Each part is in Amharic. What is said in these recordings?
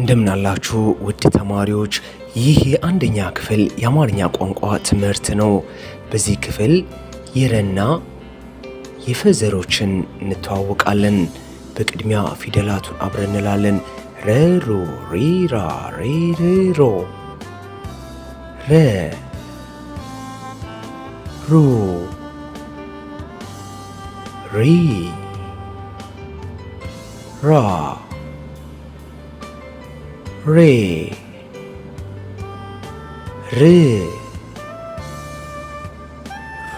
እንደምናላችሁ ውድ ተማሪዎች ይህ የአንደኛ ክፍል የአማርኛ ቋንቋ ትምህርት ነው። በዚህ ክፍል የረና የፈዘሮችን እንተዋወቃለን። በቅድሚያ ፊደላቱን አብረን እንላለን። ረሮ ሪራ ሬሮ ረ ሩ ሪ ራ ሬ ር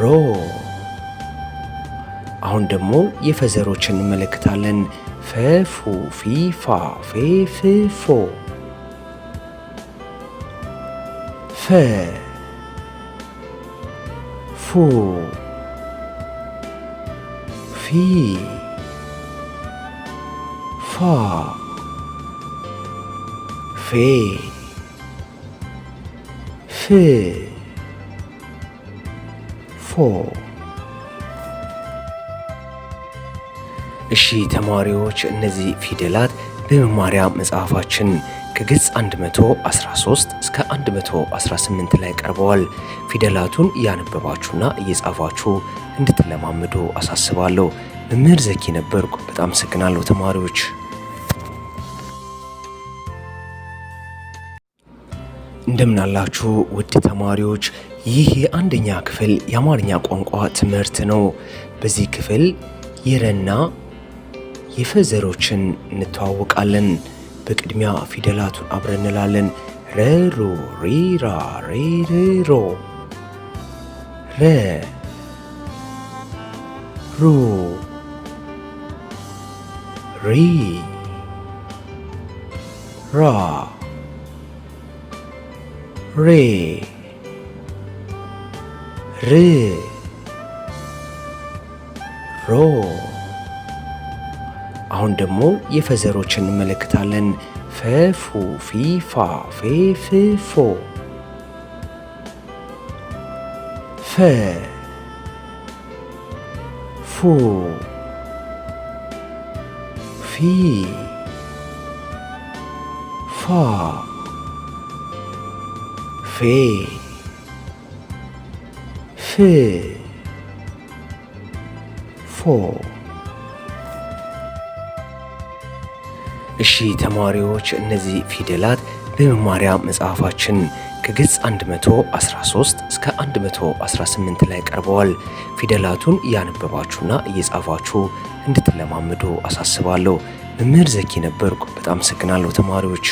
ሮ አሁን ደግሞ የፈዘሮች እንመለከታለን። ፈፉ ፊ ፋ ፌ ፍ ፎ ፈ ፉ ፊ ፋ ፌ ፍ ፎ። እሺ ተማሪዎች እነዚህ ፊደላት በመማሪያ መጽሐፋችን ከገጽ 113 እስከ 118 ላይ ቀርበዋል። ፊደላቱን እያነበባችሁና እየጻፋችሁ እንድትለማምዱ አሳስባለሁ። መምህር ዘኪ ነበርኩ። በጣም አመሰግናለሁ ተማሪዎች። እንደምናላችሁ ውድ ተማሪዎች ይህ የአንደኛ ክፍል የአማርኛ ቋንቋ ትምህርት ነው። በዚህ ክፍል የረና የፈዘሮችን እንተዋወቃለን። በቅድሚያ ፊደላቱን አብረን እንላለን። ረሮ ሪራ ሬሬሮ ረ ሩ ሪ ራ ሬ ር ሮ አሁን ደግሞ የፈዘሮች እንመለከታለን። ፈፉ ፊፋ ፌፍፎ ፍ ፎ ፈ ፉ ፊ ፋ ፌ ፍ ፎ። እሺ ተማሪዎች እነዚህ ፊደላት በመማሪያ መጽሐፋችን ከገጽ 113 እስከ 118 ላይ ቀርበዋል። ፊደላቱን እያነበባችሁና እየጻፋችሁ እንድትለማምዱ አሳስባለሁ። መምህር ዘኪ ነበርኩ። በጣም አመሰግናለሁ ተማሪዎች።